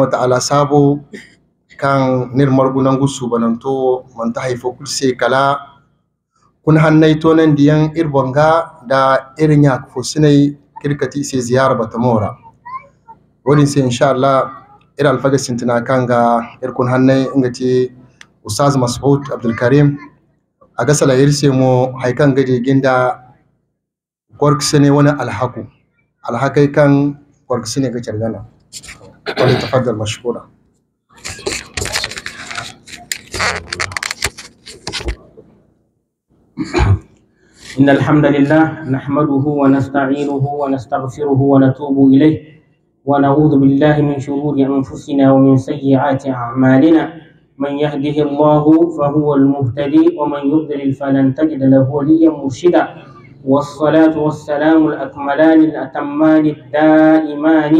wa ta'ala sabo kan nir margunan gusu bananto man ta haifo kulse kala kun hannai tonan diyan irbonga da irin ya kufo sinai kirkati se ziyara bata mora wani sai insha Allah ir alfaga sintina kan ga ir kun hannai inga ce ustaz mas'ud abdul karim a ga salayir se mo haikan gaje ginda kork ne wani alhaku alhakai kan kork ne ga cargana ولتفضل مشكورا إن الحمد لله نحمده ونستعينه ونستغفره ونتوب إليه ونعوذ بالله من شرور أنفسنا ومن سيئات أعمالنا من يهده الله فهو المهتدي ومن يضلل فلن تجد له وليا مرشدا والصلاة والسلام الأكملان الأتمان الدائمان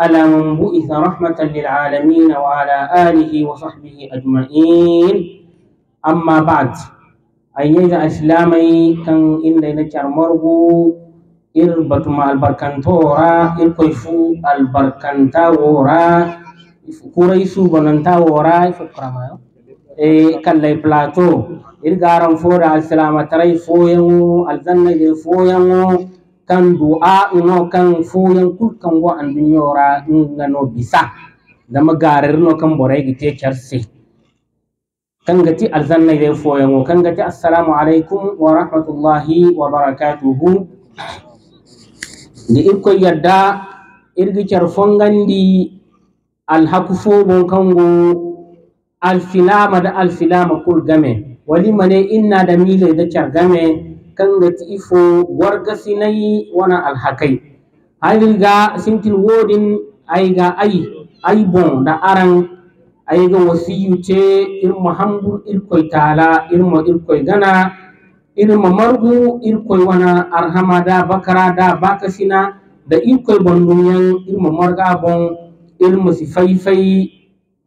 على من بعث رحمة للعالمين وعلى آله وصحبه أجمعين أما بعد أيها أسلامي كان إن لنا كرمرغو إربطما البركانتورا إرقيفو البركانتاورا كوريسو بنانتاورا فكرمايو kallay plateau irgaran foda alsilama taray foyaŋo alzanna je foyaŋo kan du'a no kan yang kul kan go andun nga no bisa da magarir no kan te gite charse kan gati alzanna dai foyan go kan gati assalamu alaikum wa rahmatullahi wa barakatuh di iko yadda irgi fongandi al alhaku fobon kan go filama da filama kul game wali mane inna da mile da game kangati ifo wargasinai wana alhakai ga sintin wodin ga ay ay bon da aran ga wasiyu ce irma hambur irkoy tala ir irkoy gana irma margu irkoy wana arhamada da bakara da bakasina da irkoy ir mo marga bon mo si faifai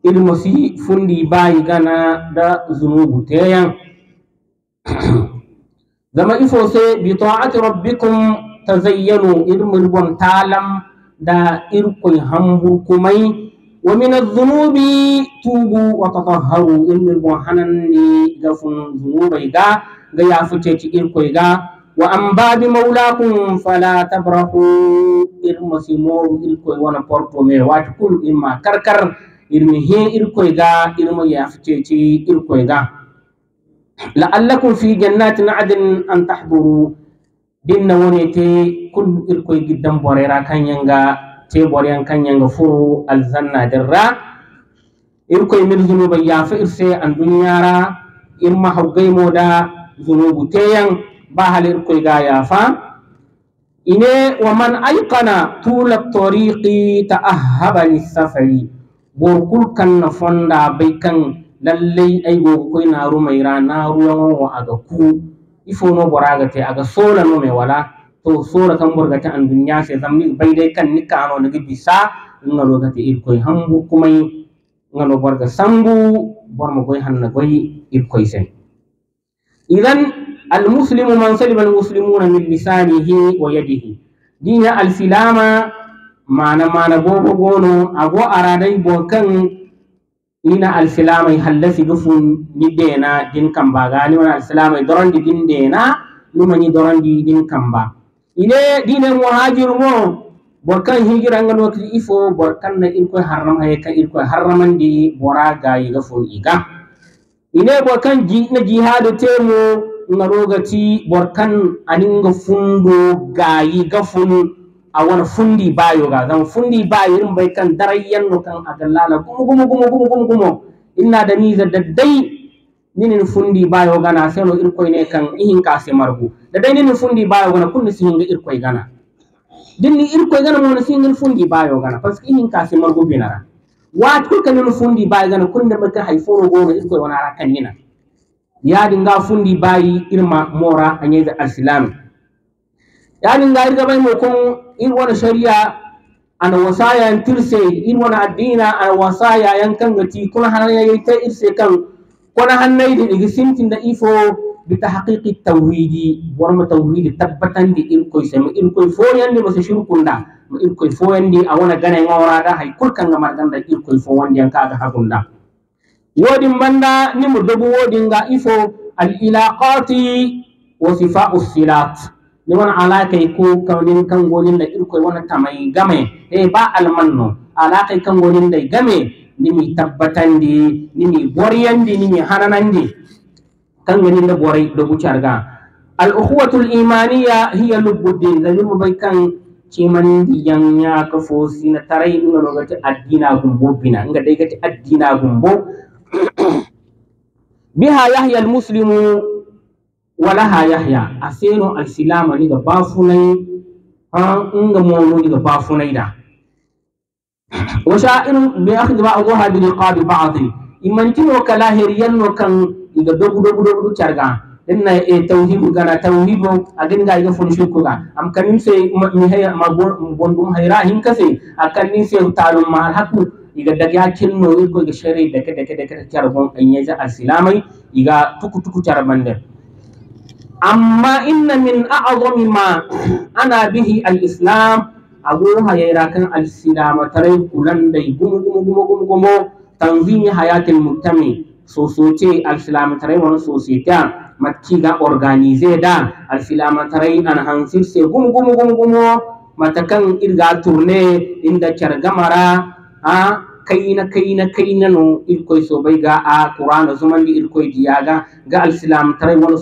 mo si fundi bayi gana da zunubu teyan zama ifo sai bi ta'ati rabbikum tazayyanu irmul bom talam da irkun hambur kumai wa min adh-dhunubi tubu wa tatahharu irmul bom ni gafun dhunubai ga ga ya fice ci irkoi ga wa an babi maulakum fala tabrahu irma simoru irkoi wana porto me wati kul karkar irmi he, irkoi ga irma ya fice ci irkoi ga la'allakum fi jannatin adin an tahduru dinna wone te kul irkoy giddan borera kanyanga te boryan kanyanga furu alzanna dirra irkoy mir ya yafa irse an In imma hawgay moda zunubu teyan ba hal irkoy ga fa. ine wa man ayqana tula tariqi ta'ahhaba lisafari borkul kan na fonda bai kan lallai ai aigo koi na maira naru wa aga ku ifono boraga te aga sola no me wala to sola kan burga ta an dunya sai zamni bai dai kan nika ano nigi bisa ngalo ga te irkoi hambu kumai ngalo borga sambu han goi koi goi irkoi sai idan Al-Muslimu man المسلم من سلم المسلمون من لسانه ويده al السلامة mana معنى بوبو بونو ago, aradai, bokan ina alsilamai hallasi gufun ni dena din kamba gani wani alsilamai doron di din dena numa ni doron di din kamba ine dine muhajir mo borkan hijira ngal wakti ifo borkan na irko haram hay ka irko haraman di bora gayi gufun iga ine borkan ji na jihadu temo ngarogati borkan aningo fundo gayi gafun wani fundi bayo ga zan fundi bayo irin bai kan darayyan no kan agallala gumu gumu gumu gumu gumu gumu inna da ni da dai nini fundi bayo na sai no irkoi ne kan ihin ka sai margu da dai nini fundi bayo na kunni sin ga irkoi gana din ni irkoi gana mo sin nin fundi bayo gana paske ihin ka sai margu binara wa to kan nini fundi bayo gana kunni maka haiforo go irkoi wana kan nina ya dinga fundi bayi irma mora anyai da arsilami ya dinga irga bai mo kun in wani shari'a ana wasaya yan tirse in wani addina ana wasaya yan kan gati kuna hanaya yayi ta irse kan kuna hanai da digi sintin da ifo bi tahqiqi tawhidi war ma tawhidi tabbatan di in koy sama in koy foyan di masa shirkunda ma in koy foyan di a wani gana ngawara da hay kulkan ngamar da in koy foyan di an hakun da. wodin banda ni mu dubu wodin ga ifo al ilaqati wa sifa'us silat ni wani alakai ko kaunin kan gonin da irko wani tamai game eh ba almanno alakai kan gonin da game ni mi tabbatan di ni mi boriyan di ni mi hananan di kan gonin da bori da bucar ga al ukhuwatul imaniya hiya lubuddin da mu bai kan ciman diyan ya kafo si na tarai ina lokaci addina gumbo bina inga dai gati addina gumbo biha yahya al muslimu walaha yahya a seno alsilama ni ga bafunai an inga mono ni ga bafunai da wa sha'irun bi akhdhi ba agoha bi liqabi ba'd imanti no kala heriyan no kan iga dogu dogu dogu charga dinna e tawhibu gana tawhibu agin ga iga funshu ko ga am kanim se mi haya ma bondum hayra hin kase akanin se talum ma hakku iga dagya kinno ko iga shari dake dake dake charbon anya ja alsilamai iga tuku tuku charbande amma inna min a'zami ma ana bihi al-islam ago hayira kan al-silama tarai kulan dai gumu gumu gumu gumu gumu tanzimi hayatil sosote al wani sosita matki ga organize da al-silama tarai an hansir se gumu gumu gumu gumu matakan irga turne inda kyargamara a kaina kaina kaina no so bai ga a qur'ana zumandi irkoy diyaga ga alislam tarai wala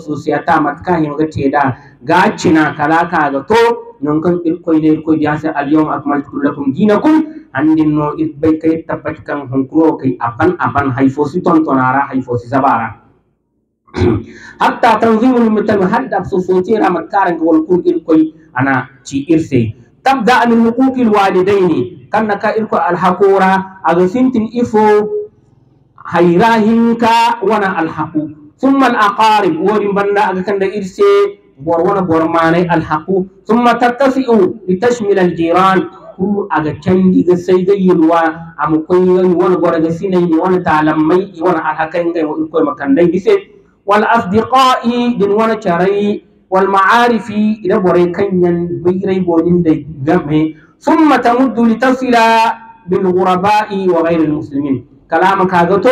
ta matka himga teda ga cina kala ga to non kan irkoy ne irkoy diya sai alyawm akmaltu lakum dinakum andin no bai kai tabbat kan hunkuro kai aban aban haifosi tontonara haifosi zabara hatta tanzimul mutam hadda sosotira matkaran wal kun irkoy ana ci irse tabda min huquqil walidaini kanna ka irko alhaqura aga sintin ifo hayrahinka wana alhaqu thumma alaqarib worin banda aga kanda irse bor wana bor manai alhaqu thumma tattasi'u litashmil aljiran kulu aga candi ga sai ga yilwa am koyi wana gora ga sinai wana talammai wana alhaqai ga irko makandai bise wal asdiqai din wana charai walma'arifi ma'arifi ila bore kanyan birai bonin da game summa tamuddu litasila bil ghuraba'i wa ghayri muslimin kalama kaga to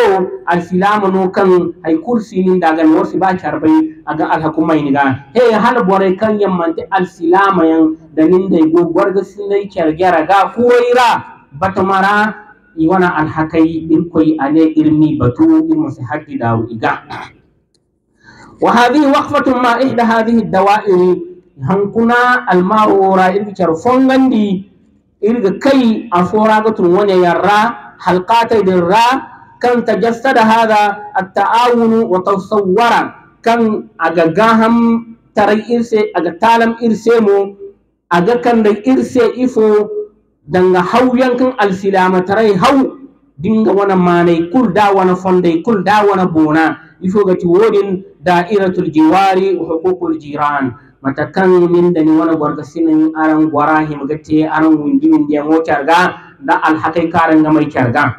al silama no kan ay kursi daga no si ba charbai aga al hukumai ni ga he hal bore kan yamman al silama yan da nin da go gorga sinai kyargera ga kuwaira batamara iwana al hakai in koy ane irmi batu in musi dawo iga وهذه وقفة مع إحدى هذه الدوائر هنكنا المارورا إلغتر فنغندي إلغ كي أفوراغة ونيا يرى حلقات را كان تجسد هذا التعاون وتصور كان أغاهم تري إرسي أغتالم إرسيمو أغا كان إرسي إفو دنغ حويا كان السلامة تري هو dinga wana manai kul da wana fondai kul da wana bona Ifo ga wodin da'iratul jiwari wa huququl jiran mata kan min da ni wani gwarga sinin aran gwara himgate aran windimin da mo kyarga da alhakai karan ga mai kyarga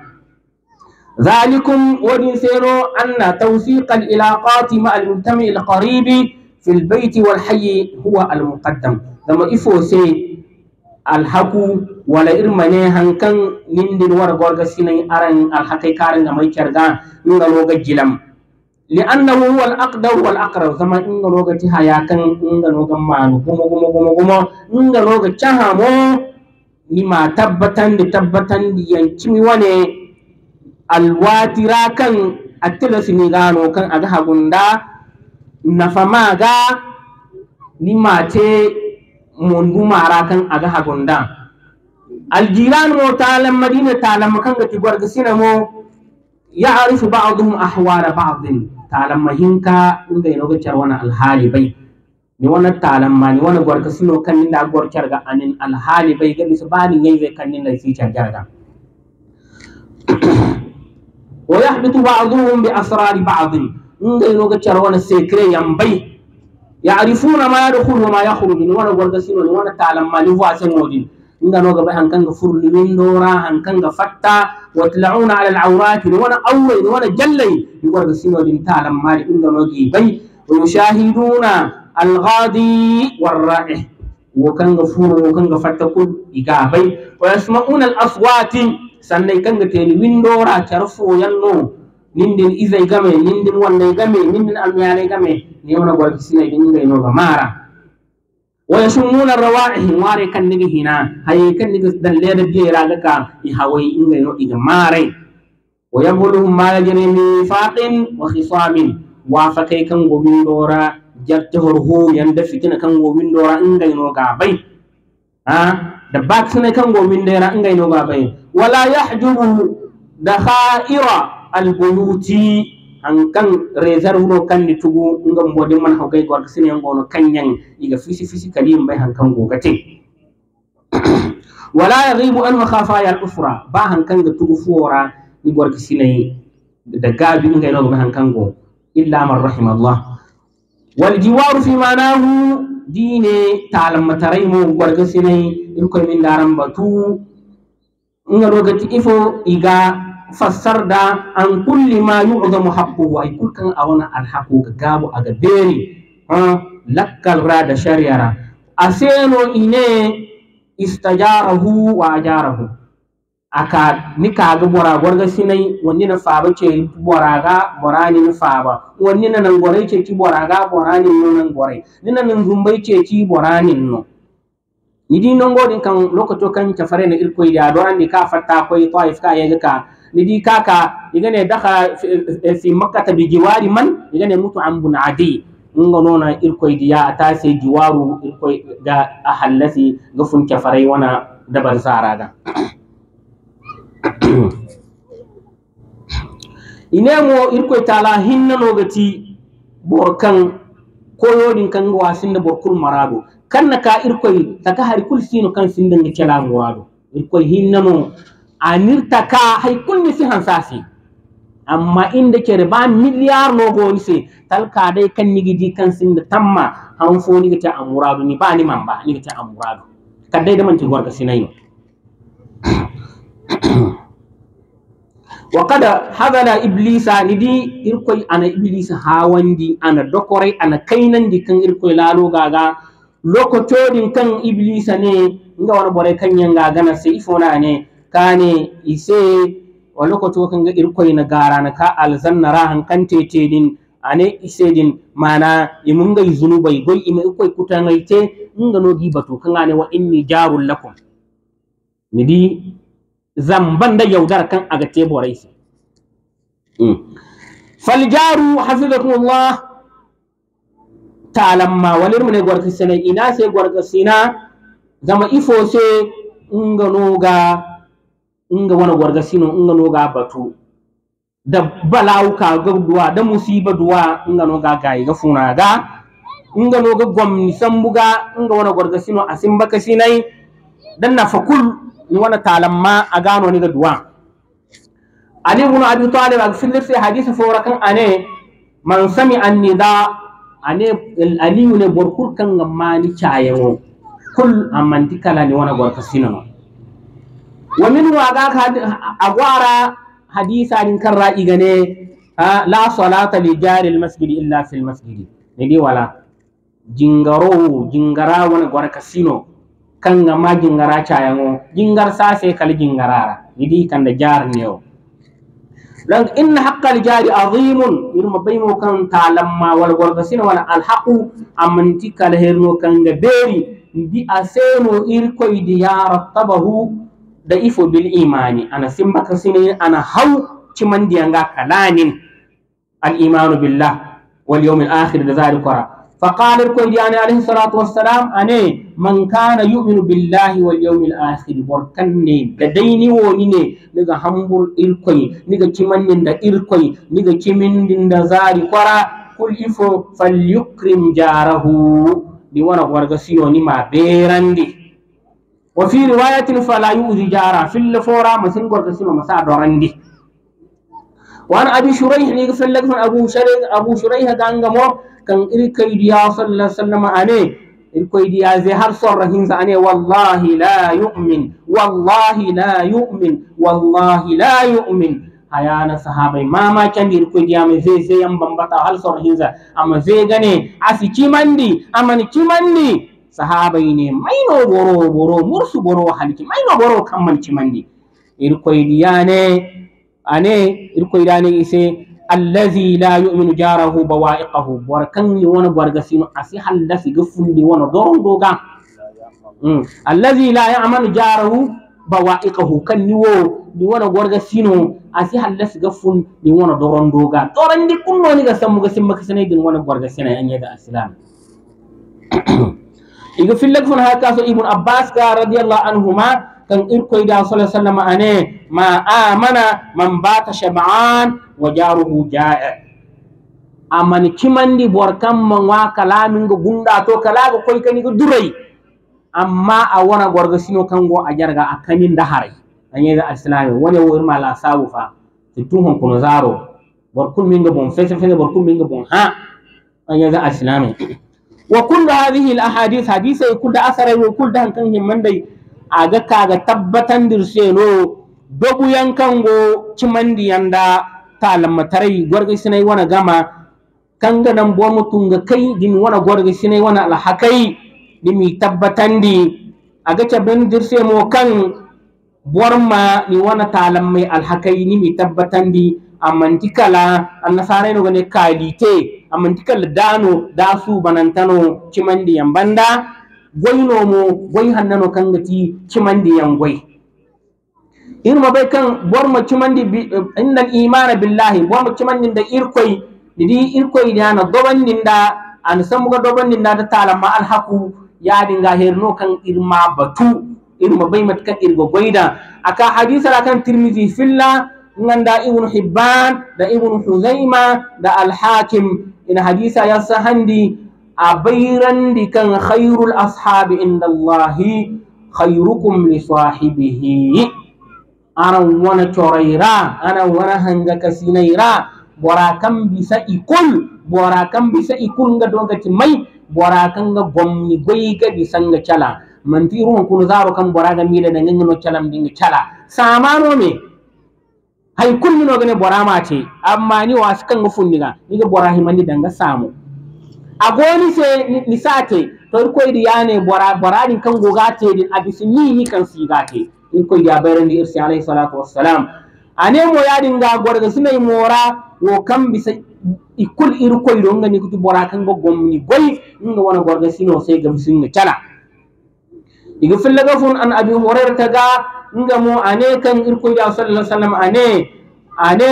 ذلكم ودنسيرو أن توثيق العلاقات مع المجتمع القريب في البيت والحي هو المقدم لما إفو سي alhaku wala irmane hankan nindin war gorga sinai aran alhakai karan ga mai kyarga nuna loga jilam li'annahu huwa al-aqdar wal aqrab zama inga noga ti hayakan inga noga manu gumo gumo gumo gumo inga noga chahamo ni ma tabbatan da tabbatan da yankimi wane alwatira kan attila sini gano kan aga hagunda nafama ga ni ma te mara kan aga hagunda aljiran mo talam madina talam kan ga ti gorga sinamo ya'rifu ba'dhum ahwala ba'dhin talan mahinka yana inoga wani alhali bai, ni wani talan ma ni gwarka, suno, kannin da gwarkar ga anin alhali bai, ba ni yai zai kannin da su si da. wa ya ba ba'duhum bi asrari ba'din nga inoga carwana secret bai ya arifuna ma yadkhulu wa ma yakhruju ni wani gwarka, suno, ni wani talan ma ni voisin modin ga noga ni hankanga hankan ga fatta وتلعون على العورات وانا اول وانا جلي يقول سينو دنتا لما عند نوجي بي ويشاهدون الغادي والرائح وكان غفور وكان غفتكل يغابي ويسمعون الاصوات sannan kan ga teli windora tarfo yanno nindin izai game nindin wannan game nindin almiyanai game ne wani gwarki sina yi mara Wai sun nuna rawaihin ware kan nigi hina haye kan nigi dalle da biye ra gaka i hawai inga no iga mare wa yabuluhum ma la jene mi faqin wa khisamin wa fa kai kan gomin dora jarta horhu yanda fitina kan gomin dora inga no ga da bak sunai kan gomin dora inga no ga bai wala yahjubu dakhaira albuluti han kan rezar huno kan ni tugu ngam bodin man hawgai gor sine ngono kanyan iga fisi fisi kali mbai han kan gogate wala yaghibu an khafa ya al-ufra ba han kan ga tugu fuora ni gor sine da gabi ngai no han kan go illa man rahimallah wal jiwaru fi manahu dine talam matarai mo gor sine in ko min daram batu ngaro gati ifo iga fassar da an kulli ma yu'zamu yi ay kulkan wani alhaƙo ga gabu a ga beri lakkal ra da shari'ara seno ine istajarahu wa ajarahu ka ni kaga bora ga sinai wani na faba ce bora ga bora ni na faba wani na nan gwarai ce ci bora ga bora nan gwarai ni na nan zumbai ce ci bora ni no ni di non godin kan lokacin kan ta fare na irko ya doran ni ka fatta koi taif ka yaga ka lidi kaka igane daga eh, fi makkata bi jiwari man igane mutu an bun adi nga nona irkoy diya ata se jiwaru irkoy ga ahallasi ga funke farai wana dabar zara ga inemo irkoy tala hinna nogati borkan koyodin kan wasinda borkul marado kanna ka irkoy taka har kul sino kan sinda ngi kela murado irkoy hinna no anirtaka ka hay kulli si hansasi amma inda ke ba miliyar no goni se talka dai kan nigi di kan sin da tamma han fo ni ta amuradu ni ba ni man ba ni ta amuradu kan dai da man tingor ka sinai wa kada hadala iblisa ni di irkoi ana iblisa wandi ana dokorai ana kainan di kan irkoi lalo gaga lokacodin kan iblisa ne nga wani bore kan yanga gana sai ifona ne kane ise wala ko to kan ga irkoy na gara na ka alzanna rahan kan tete din ane ise din mana imunga zunubai goy kutan ikoy kutangaite inga no gibatu kan ane wa inni jarul lakum di zamban da yaudar kan aga teborai sai faljaru ma talamma walir ne gorka ina sai gorka na. zama ifo sai ngano ga inga wana warga sino nga noga batu da balawuka ga duwa da musiba duwa inga noga gayi ga funa ga inga noga gwamni sambuga inga wana warga sino sin baka sinai dan na fakul ni wana talamma a gano ni ga duwa ali ibn abi talib ag fillir sai hadisi fora kan ane man sami annida ane aliyu ne borkur kan ngamani chayemo kul amantikala ni wana gorka no wa min wa ga ka agwara hadisa din kan ra'i gane la salata li jari almasjidi illa fil masjidi ne di wala jingaro jingara wani gwar kasino ma jingara cayango jingar sase kal jingarara ne di kan ne o lan inna haqqal jari azimun irma baymo kan talamma wal gwar kasino wala alhaqu amanti kal herno kan ga beri ndi aseno irkoy di yarattabahu ifo bil imani ana simbaka sinin ana hau ciman diyanga kalanin al imanu billah wal yawm al akhir da zalikara fa qala ko diyani alayhi salatu wassalam ane man kana yu'minu billahi wal yawm al akhir ne da daini woni ne daga hambur irkoi daga ciman da irkoi daga kimindin da zalikara kul ifo falyukrim jarahu ni wana warga siyo ni ma berandi وفي رواية فلا يؤذي جارا في الفورة مثل قرد سنو مساء دورندي وان أبي شريح نيقفل لك من أبو شريح أبو شريح دانغمو كان إلكي ديا صلى الله عليه وسلم أني إلكي ديا زهر صر هنز أني والله لا يؤمن والله لا يؤمن والله لا يؤمن صحابي hayana sahabai mama candi irko diyama zai zai yan bambata أما زي hinza عسي zai gane أما ني amani kimandi ne, mai no boro boro mursu boro halki no boro kammalci mandi irkoydiyane ane irkoydane ise allazi la yuminu jarahu bawa'iqahu bor ni wona sino asi hallasi ga fundi wona doga ga mm. allazi la yamanu jarahu bawa'iqahu ni wo ni wona sino asi hallasi ga fun ndi wona ni ga sammu ga ga kasane din wona anya da islam iga fillak fun haka abbas ga radiyallahu anhuma kan irkoy da sallallahu ane ma amana man bata wa jaruhu ja'a amani kimandi man wa kalamin go gunda to kala go koy kani go durai amma a wana gorga sino kango a jarga a kanin da harai anye da islami wani wo irma la sabu fa tun hon kuno zaro minga bon fese minga bon ha anye da islami wa kullu hadhihi al ahadith hadisai kullu asarai wa kullu hankan himmandai aga kaga tabbatan dirse no dobu yankango cimandi yanda talamatarai gorga sinai wana gama kanga nan bo ga kai din wana gorga sinai wana alhakai dimi tabbatandi aga cabin dirse mo kan borma ni wana talam mai alhakai nimi tabbatandi amantikala annasarai no ne kalite amantikal dano dasu banantano cimandi yan banda goynomo gwai hannano kangati cimandi yan goy ma bay kan borma cimandi eh, innal imana billahi borma cimandi da irkoy didi irkoy dana ninda an samuga ninda da ma alhaku yadinga herno kan irma batu irma bay mat kan irgo gwaida aka hadisa kan tirmizi filla nganda ibnu hibban da ibnu huzaima da alhakim In hadisa ya a abayrandi kan khairul ashabi indallahi khayrukum li sahibihi aran wana corayra aran wana hanga kasinaira bora kan bisa ikul bora kan bisa ikul ga dogati mai bora kan nga gomni goyga bisa nga cala mantiru kun zaro kan bora ga mila da ngino cala dinga cala samano me hay no gane borama te amma ni wasu kan Ni niga niga bora himani danga samu goni se ni sate to ko idi yane bora bora din kan goga te din abisi ni ni kan ga te in ko ya bayar ni irsi alaihi salatu wassalam ane mo ya dinga gorga sunai mora wo kan bisa ikul iru ko ido ngani kutu bora kan go gomni goy nga wana gorga sino sai ga bisin cala iga fillaga fun an abi ta ga ngamo ane kan irkoyɗi a sallah sallam ane ane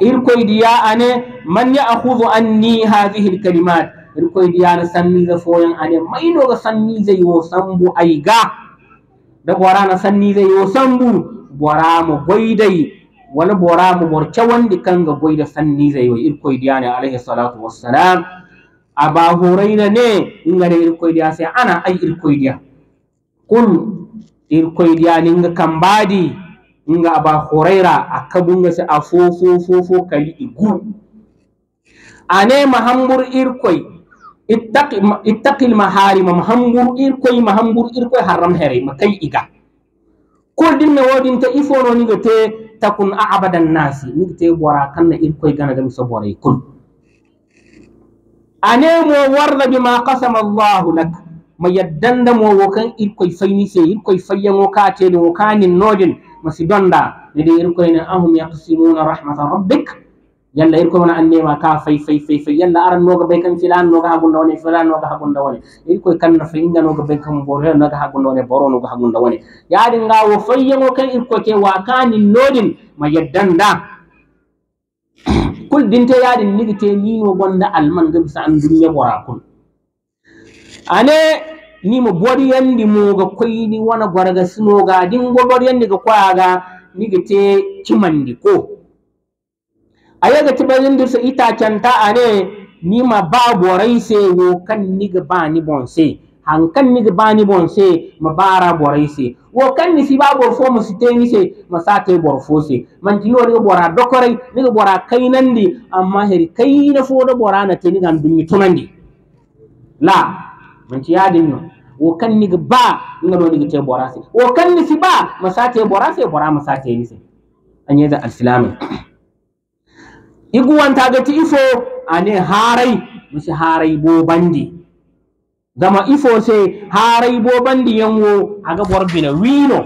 irkoyɗi ya ane man yahudu anni hadihi lkalimat irkoyɗi yana sanniza foyan ane maino maynoga sanniza yo sambu ga da borana sanniza yo sambu boramo goyday wala boramo borca wandi kanga goyda sanniza yo irkoyɗi yane alayhi salatu wassalam aba hurayra ne ingare irkoyɗi ya sai ana ay irkoyɗiya qul irkoyɗiyaninga ninga kambadi nga aba khuraira a kabunga si a fofo fofo kali igu ane mahambur irkoi ittaqil maharima mahambur irkoi mahambur irkoi haram herey ma kay iga kordin me ta ifono niga te takun abadan nasi niga te bora kanna gana ganagami so boray kul ane mo warda bima qasama allahu lak ma yeddande mo wo kan irkoye faynise irkoye fayyango kaateɗo wo kanin nojin mo si donda nede irkoyene ahum yaqsimuna rahmata rabbik yalla irkoye wona annema ka fay fay fay fay yalla arannoga ɓay kam filannoga ha gunda wone filannoga ha gunda wone irkoye kanna bo re kam ga ha gunda wone boronoga ha gunda wone yaade nga wo fayyango kan irkoye te wa kanin noodin ma yeddanda kul dinte te ni nino gonda alman ga bisa an duniya bora kul ane ga boryen dimoga koyni wona gorga ga dingo ga ni ga te cimandi ko ayaga ita itacanta ane ma ba borai se wo kan niga bani bonse hankan ni bani bonse ma bara borai se wo kan ni siba borfo mu ni se ma sate fo se mantino ga bora ni ga bora kainandi amma heri kaina fo da bora na te niga dunyi tunandi la manci din no wo kan niga ba nga no niga te borase wo kan ni si ba masate borase bora masate ni se anye da alislamin iguwan ta ga ti ifo ane harai musi harai bo bandi zama ifo se harai bo bandi yanwo aga bor bina wino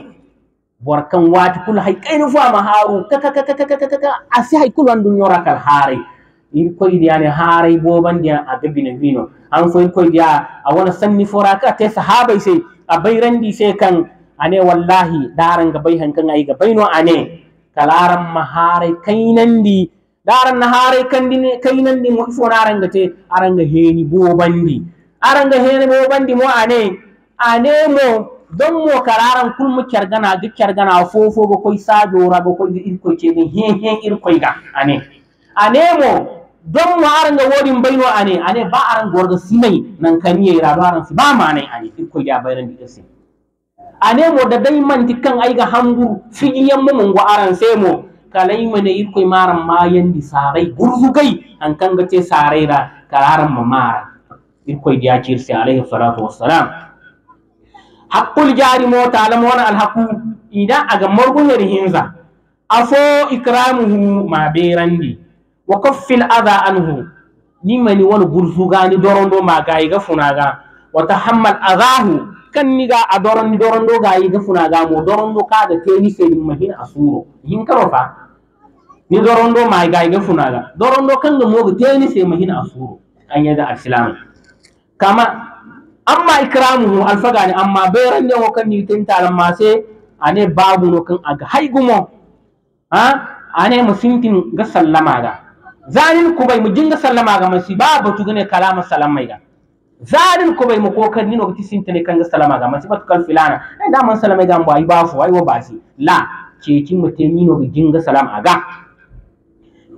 bor kan wati kul hay kainu fu ma haru ka ka ka ka ka ka asi hay kul wandu kal harai irkoyɗiyani haaray bobandiyan a bebina wino an fo irkoyɗiya a wani sanni fora ka te sahaba sai a bayrandi sai kan ane wallahi daranga bay han kan ayiga no ane kalaran ma haaray kaynandi daran na haaray kandine kaynandi mo ifo naranga te aranga heeni bobandi aranga heeni bobandi mo ane ane mo don mo kararan kulmu kyargana duk kyargana fofo ba koi ra ba koi irkoi ce ne he he irkoi ga ane nemo. don aran ga wodin baino ane ane ba aran gorga simai nan kaniye ra do aran si ba ne. ane irko ya bayan da ese ane mo da dai manti kan ai ga hamburu fiji yamma mun gwa aran sai mo kalai ne iko maran ma di sarai kai an kan ga ce sarai ra kararan ma mara iko ya cirse alaihi salatu wassalam hakul jari mo ta'lamu wana alhaqu ida aga morgo yari hinza afo ikramuhu ma berandi wa kaffil adha anhu ni mani wani gursu gani dorondo ma gayi ga funaga wa tahammal adahu kan ni ga a dorondi dorondo gayi ga funaga mo dorondo ka ga teni sai mahin asuro hin karo fa ni dorondo ma gayi ga funaga dorondo kan ga mo ga teni sai mahin asuro an yaga islam kama amma ikramuhu alfaga ne amma bayran ne hokan ni tin talan ma sai ane babu no kan aga haigumo ha ane musintin ga sallama ga zanin bai mu jinga sallama ga masi ba batu gane kalama salam mai ga zanin bai mu ko kan nino ti kan kanga sallama ga masi batu kal filana dan da man salama ga mbai ba fu ai wa basi la ke kin mu te nino ga jinga a ga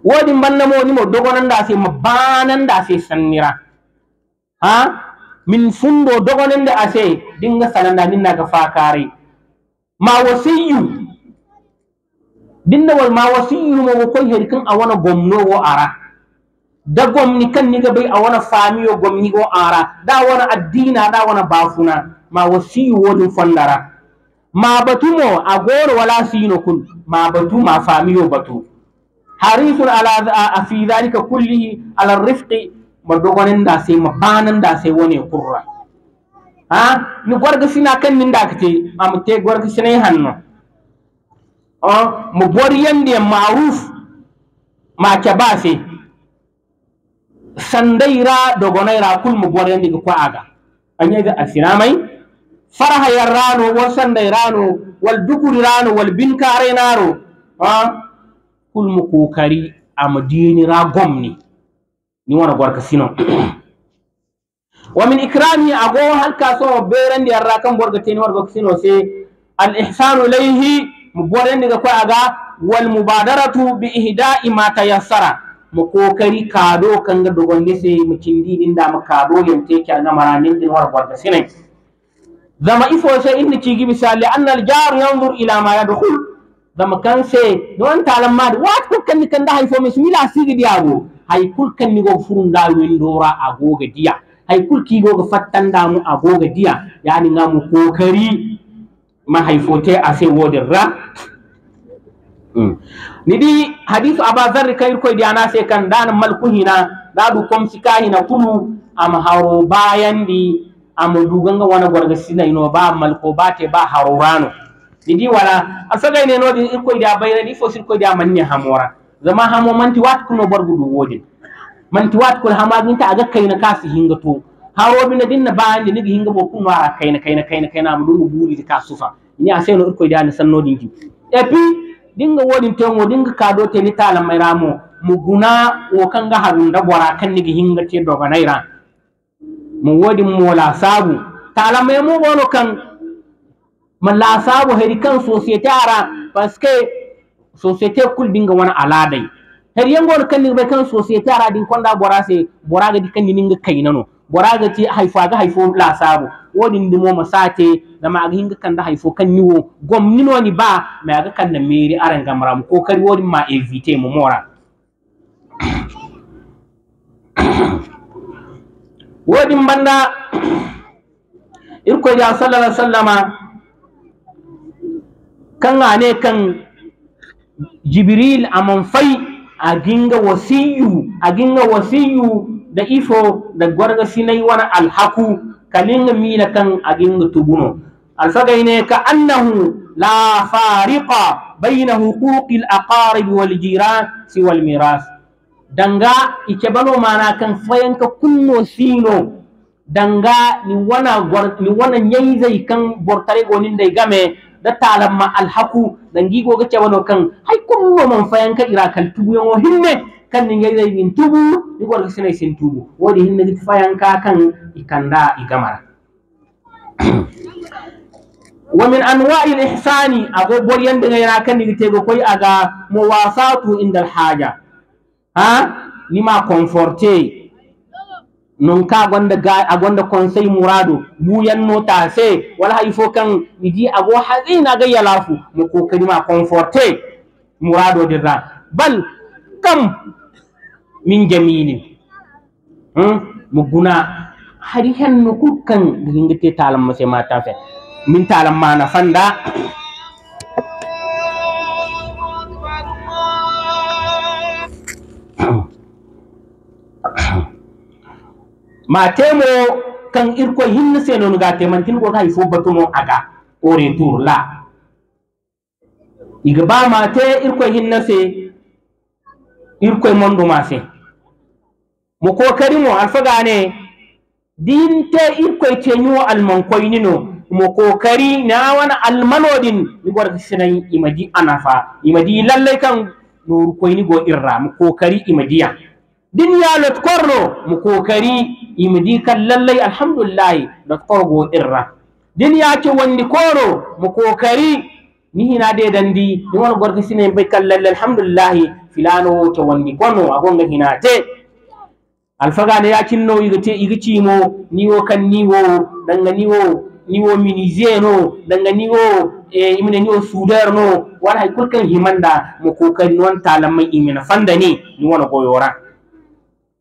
wodi man namo ni mo nan da sai mabanan da sai sannira ha min fundo nan da ase dinga salanda ninna ga fakare ma wasiyu dinna wal ma wasiyuma wo ko heri kan awana gomno wo ara da gomni kan niga a awana famiyo gomni go ara da wana addina da wana bafuna ma wasiyu wodin fandara ma batumo agoro wala sino kun ma batu ma famiyo batu harisun ala a fi zalika kullihi ala rifqi madogonin da sai mabanan da sai wani kurra ha ni gwarga sina kan ninda kate te gwarga sinai hannu Ah, mu mo boriyande maruf ma ke keɓafe sandayra dogonayra kul mu boriyande ga ko aga añayga a sinamay faraha yarrano wol rano, wal rano, wal binkarenaro ah, kul mo kokari ama ra gomni ni wona gorka sino wa min ikrami ago halka so berandi yarra kan gorga teni sino se al ihsanu ilayhi mu borendiga kwa aga wal mubadaratu bi ihdai ma tayassara Mu kokari kado kanga dogonde se mo cindiɗinda makado kaado yente na maranin din wara bonta sine zama ifo se inni cigi misali anna al jaru yandur ila ma yadkhul zama kan se no an talan madi wat kul ni kanda hay fo mi simila sigi diago hay kul ni go furunda windora agoga diya hay kul kigoga fattandamu agoga diya yani mu kokari mahaifote a sai wodin ra mm. di hadisu aba zarri kayir koy di ana sai kan dan na, hina dadu komsi ka na kulu am haro bayandi am duganga wana gorga sina ino ba malko te ba haro rano. Ni di wala asaga ne no di koy da bayra di fo sir koy da manni hamora zama hamo manti wat kuno borgu du wodin manti wat kul hamaginta aga na kasi hingato haroɓe na dinna bani nigi hinga bo kum wara kaina kayna kayna kaynama mu o buri ka sufa ni a sai da ni sanno dinki e bi dinga ka do te ni kaɗo teni talamayramo mu guna wo harun da bora kan nigi hinga te mu mo woɗin mo lasabu talamay mu ɓono kan ma sabu heri kan society ara paske society kul dinga wona aladay her yengol kandi ɓe kan society ara ɗin konda bora se ni ɗi kai ninga no. boragati ga haifo la sabu wodin dimo masate da ma ga hinga kan da haifo kan niwo gom nino ni ba ma ga kan na meri aran gamara mu kokari wodin ma evite mu mora wodin banda irko ya sallallahu alaihi wasallama kan ne kan jibril aman fai a ginga wasiyu a ginga wasiyu da ifo da gwarga sinai wani alhaku kaninga mina kan aginga tubuno alfagaine ka annahu la fariqa bayna huquqi alaqarib wal jiran siwa almiras danga ikebano mana kan fayanka kunno sino danga ni wana gwar, ni wana nyaizai kan bortare gonin dai game da talamma alhaku dangi goga bano kan hai kunno man fayanka ira kan tubuyo hinne kan ni yai min tubu ni ko sene sin tubu wodi hin ni fayan ka kan ikanda igamara wa min anwa'il ihsani ago boryan de yana kan ni tego koy aga muwasatu indal haja ha ni ma conforté non ka gonda ga a gonda conseil murado buyan no ta se wala hay fo kan idi ago hazina ga yalafu mu kokari ma conforté murado dirra bal kam min hmm mu guna hari hen no kulkan hingete talam mase ta fe min talam mana fanda temo kan irko hinna seno nuga tin ko kai fo batuno aga ore tur la igba te irko hinna se irko mondo se. Mu mu Din mo kokarimo te dinte alman teñuwo almankoynino mu kokari nawana almanoɗin mi gorga sinayi imadi anafa imadi lalle kan ni go irra Mu kokari imadiya din ya lotkorno mu kokari imadi kan lallay alhamdulillahi lotkorgo irra din ya yake wandi koro mu kokari ni hina de dandi ni won gorga sinayi bay kan lallay alhamdulillah filano to wandi kono hina te ya yakinno igate igici mo niwo kan niwo danga niwo niwo miniseno danga niwo e imine niwo no wala hay kulkan himanda mo kokari non talamai imina fandani ni wona goyora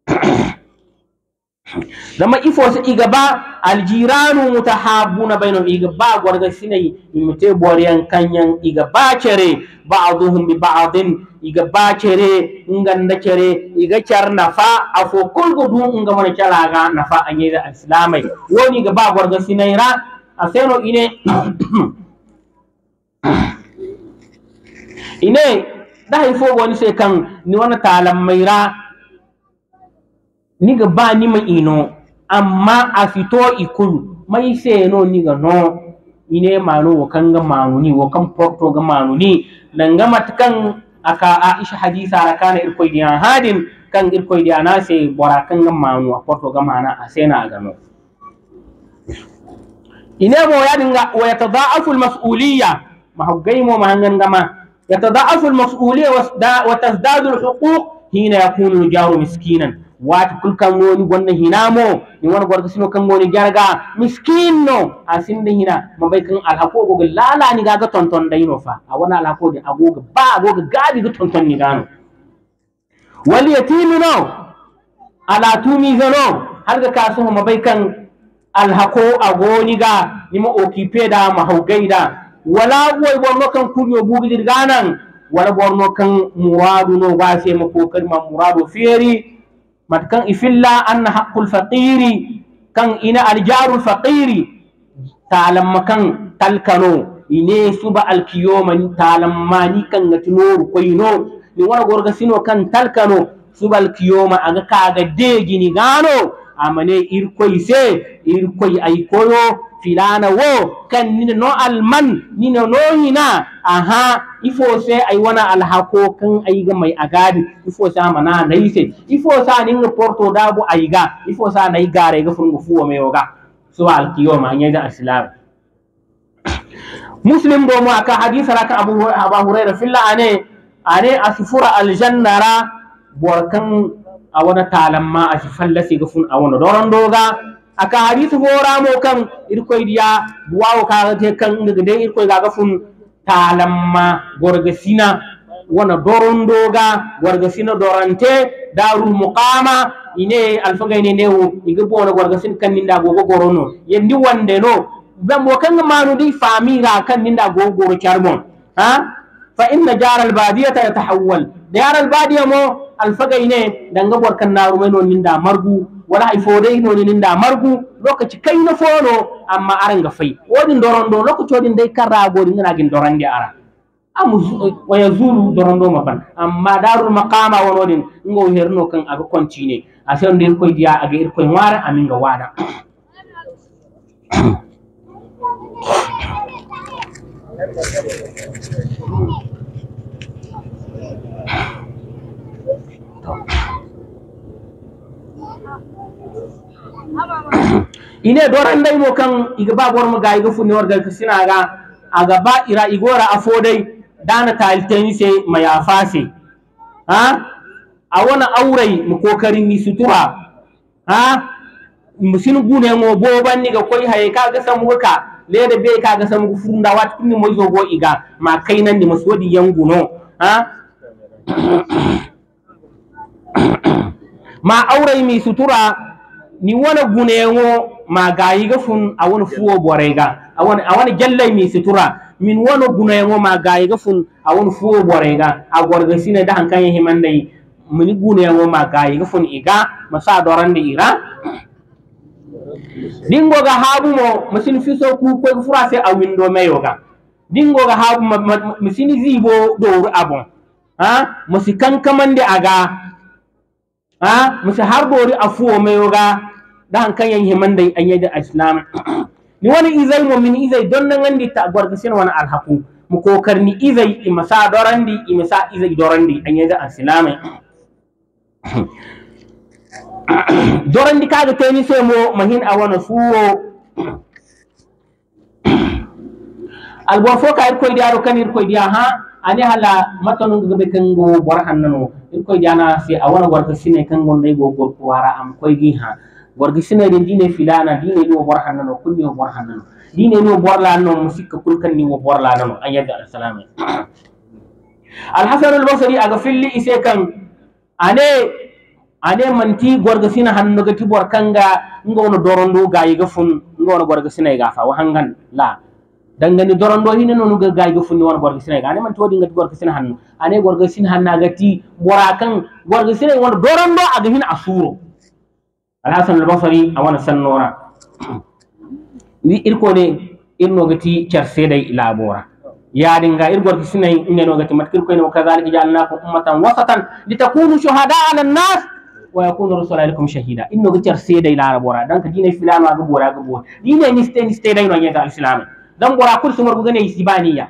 zama ifo se iga ba aljiranu mutahabuna bainahum iga ba gorga sinai imite boriyan kanyan iga ba cere ba'dhum bi ba'din iga ba cere nganda chere iga char nafa afo kulgo du nga mana chalaga nafa anyeda islamai woni iga ba gorga sinai ra aseno ine ine dai fo woni se kan ni wana talam ra. niga ba ni ma ino amma a fito ikulu mai seno niga no ine mano wakan ga manuni wakan porto ga manuni nan ga matkan aka aisha hadisa rakana irko diyan hadin kan irko diyan na se borakan ga manu a porto ga mana a sai na no ine mo ya dinga wa yatadaafu almas'uliyya mahogaymo mahangan gama yatadaafu almas'uliyya wa tazdadu alhuquq hina yakunu aljaru miskinan wati kul kaŋŋooni gonna hinamo ni wona gorko sino kaŋŋooni jarga miskinno a sinda hina mabay kan alhako goga lalani gaga tonton dayno fa a wona alhako de agoga ba agoga gaabi ga tonton ni gano wal yatimi no ala tumiza no halga kasuho mabay kan alhako agoni ga nima okipe da mahawgay da wala uwoy borno kan kuryo bugidir ganan wala borno kan muradu no sai ma kokari ma muradu. fieri mat kan ifilla anna haqqul faqiri kan ina aljarul faqiri talamma kan talkano ine suba alkiyoma talamma ni kan ngati koyno ni wara gorga sino kan talkano suba alkiyoma aga kaga degini gano amane irkoise irkoi irkoy ay koyo filana wo kan nina no alman nina no hina aha ifo se ay wana alhako kan ay ga mai agadi ifo sa mana naise ifo sa ninga porto dabu ay ga ifo sa nay gare ga fungu wa me ga so al ma nyaja islam muslim bo mu aka hadith raka abu abu hurairah filla ane ane asfura aljanna ra kan awana talamma asfallasi ga fun awana doron doga aka hadithu goramo kan irkoyɗiya wawo kagate kan nden irkoy ga fun talamma gorga sina wona dorondoga gorga sina dorante darul muqama ine alfagayne ndewo iga bona gorga sin ninda gogo gorono yendi wande no gambo kanga manu di kan ninda gogo goro carbon ha fa inna ta albadiyata yatahawwal jaral albadiya mo ne danga gorkan narumeno ninda margu wala ai foday no ni nda margu lokaci kai na fono amma aran ga fai wodin dorondo do lokaci wodin dai karra godin na gin doron ara amu waya zulu doron do ban, amma darul maqama wonodin ngo herno kan aga kontine a sai ndir koy dia aga ir koy mara amin ga wada ine doran dai mo kan iga ba bor maga iga funi wor gal kisina ga aga ba ira igora afo dai dana taltani sai mayafa ha a wani aurai mu kokarin ni sutura ha musin gune mo bo banni ga koi haye ka ga samu ka da be ka ga samu funda wat kunni mo zo go iga ma kai nan ni masodi yanguno ha ma aurai mi sutura ni wona gunewo ma yi fun a wani fuwo ga. a wani jallay mi sutura min wono gunoyego ma yi fun a wani fuwo ga. a gorga ne da hankaye himandayi mini gunoyego ma gayiga fun iga masa dorande ira dingo ga mo masin fiso ku koyga furase a windo mayoga dingo ga habu masini zibo dowru abon ha masi kankamande aga ha masi har dori a fuwo mayoga dan kan himan himanda an yada islam ni wani izai mu min izai don nan andi ta gwargasin wani alhaku mu ni izai masa dorandi masa izai dorandi an yada islam dorandi kaga teni sai mu mahin a wani suwo albor ka irko diaro kan irko dia ha ani hala matanu gabe kango bor hannano na sai a wani warka sine kango ndey go go wara am koy gi ha borgi din dine filana dine ni wo bor hanano kulli wo bor hanano dine no wo bor la no musikka kulkan ni wo bor la no an yadda hasan alhasan basri aga filli ise kan ane ane manti gorga sina hanno gati bor kanga no dorondo ga ga fun ngono gorga sina ga fa wahangan la dangani dorondo hine nonu ga ga ga fun ni wono gorga sina ga ane manti wodi ngati gorga sina hanno ane gorga sina hanna gati bora kan gorga sina wono dorondo aga hin asuro alhasan albasari a wani sannora irko ne dai labora. Ya wi irkode irnogati carseday laabora yaadinga irgorki sinayi inenogati mat a wa na kuma ummatan wasatan litakunu shuhada ala na wa yakunu rasula alaikum shahida innogi carseday ka donc dina filama ga bora ga bora dina ni ste ni dai dayno ñega alsilame dan bora kul sumorgo gane sibaniya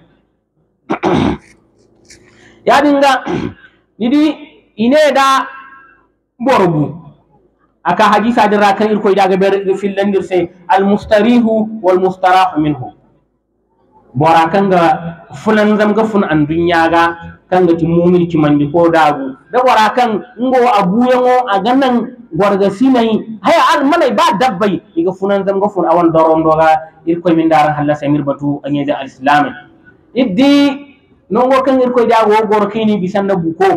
dinga nidi ine da borobu aka hadisa dirra kan irko idaga ber fillandirse almustarihu walmustarahu minhu bora ga fulan zamga fun an dunyaga ga. ti mumin ki mandi ko dagu da bora kan ngo a aganan gwarga sinai haya al malai ba dabbai iga funan zamga fun awan doron doga irko min daran halla samir batu yaji al islam iddi nongo kan irko idago goro kini da buko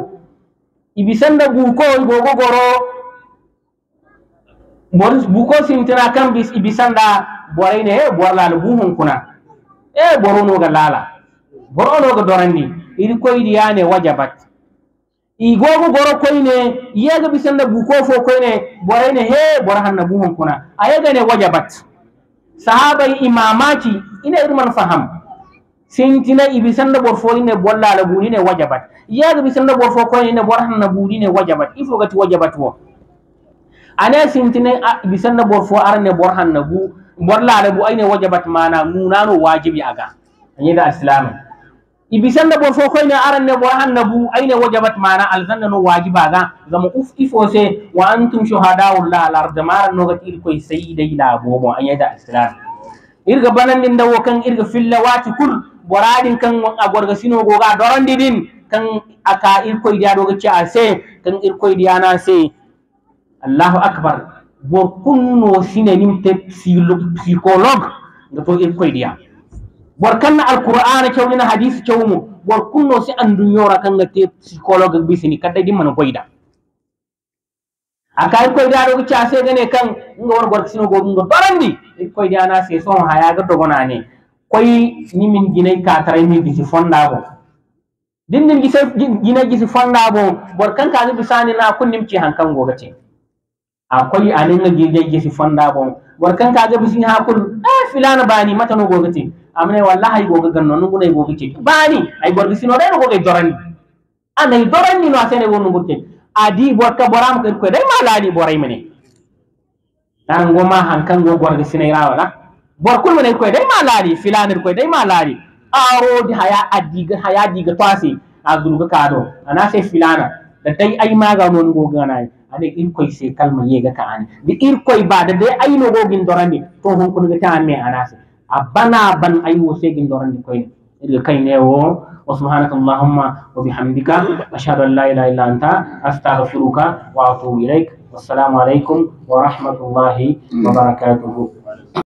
da buko gogo goro moris buko sintina kan bis ibisanda borayne he borlala buhun kuna e eh, boronoga lala boronoga ko idi koyidi yane wajabat igogo goro koyne yega bisanda buko fo koyne borayne he borhanna buhun kuna ayegane wajabat Sahaba, imamaki ina irman faham sintina ibisanda bor fo ine bollala buni ne wajabat yega bisanda bor fo koyne ne borhanna buni ne wajabat ifogati wajabat wo ane sintine bisanna bor fo arne bor hanna bu bor laare bu ayne wajabat mana munano wajibi aga anyida islami ibisanna bor fo koyne aranne bor hanna bu ayne wajabat mana alzanna no wajiba aga zama uf se wa antum shuhadaullah al ard mara no gati ir koy sayyidai la bobo anyida islami irga din dawo kan irga filla wati kul boradin kan a gorga sino goga dorandidin kan aka irkoy dia doga ci a se kan irkoy dia na se allahu akbar bor kunno shine nim te psikolog da to koy koyɗiya bor kan alquran ke alqur'ana cewnina ke wumu bor kunno si andu ñora kan te psikolog psychologue bisini kadda koy da aka kayi koy da ɗogo case gane kan ngor bor sino go ngor barandi koy da na se son hayaga ne koy ni nimin ginay kataray mi gisi fondago dindin gise gina fonda bo bor kan ka kaga bisani na kunnim ci hankan go gogate A akoy aninga gigejesi fanda bon warkan kaga bisini hakul eh filana bani mata no gogati amne wallahi goga ganno no gunay gogati bani ay bor bisin dai no goga dorani anay dorani no asene wonu gurte adi ka boram ko ko dai malani boray mene tan go ma hankan go gorgi sinay rawala borkul mene ko dai malani filana ko dai malani aro di haya ga haya a twasi azuruga kado ana sai filana da dai ai maga non go ganai ade ir koy se kalma yega ka an di ir koy ba da dai ai no go gin dorandi to hon kun ga ta me anase abana ban ai wo se gin dorandi koy il kay ne wo وسبحانك اللهم وبحمدك أشهد أن لا إله إلا أنت أستغفرك وأتوب إليك والسلام عليكم ورحمة الله وبركاته